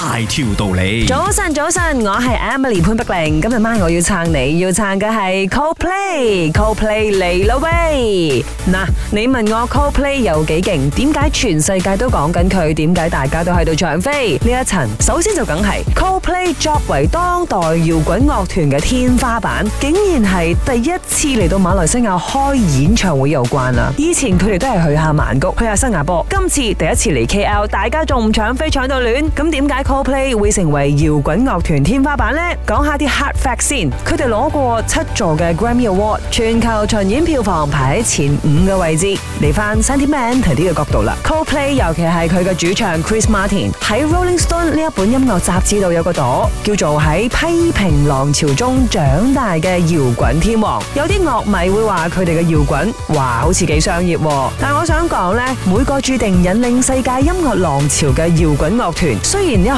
大條道理，早晨早晨，我係 Emily 潘碧玲，今日晚我要撐你，要撐嘅係 Coldplay，Coldplay 嚟咯喂！嗱，你問我 Coldplay 有幾勁？點解全世界都講緊佢？點解大家都喺度搶飛？呢一層首先就梗係 Coldplay 作為當代搖滾樂團嘅天花板，竟然係第一次嚟到馬來西亞開演唱會有關啦。以前佢哋都係去下曼谷，去下新加坡，今次第一次嚟 KL，大家仲唔搶飛搶到亂？咁點解？Coldplay 會成為搖滾樂團天花板呢？講下啲 hard fact 先，佢哋攞過七座嘅 Grammy Award，全球巡演票房排喺前五嘅位置。嚟翻 Sentiment 同啲嘅角度啦，Coldplay 尤其係佢嘅主唱 Chris Martin 喺 Rolling Stone 呢一本音樂雜誌度有個朵，叫做喺批評浪潮中長大嘅搖滾天王。有啲樂迷會話佢哋嘅搖滾，哇，好似幾商業。但係我想講呢，每個注定引領世界音樂浪潮嘅搖滾樂團，雖然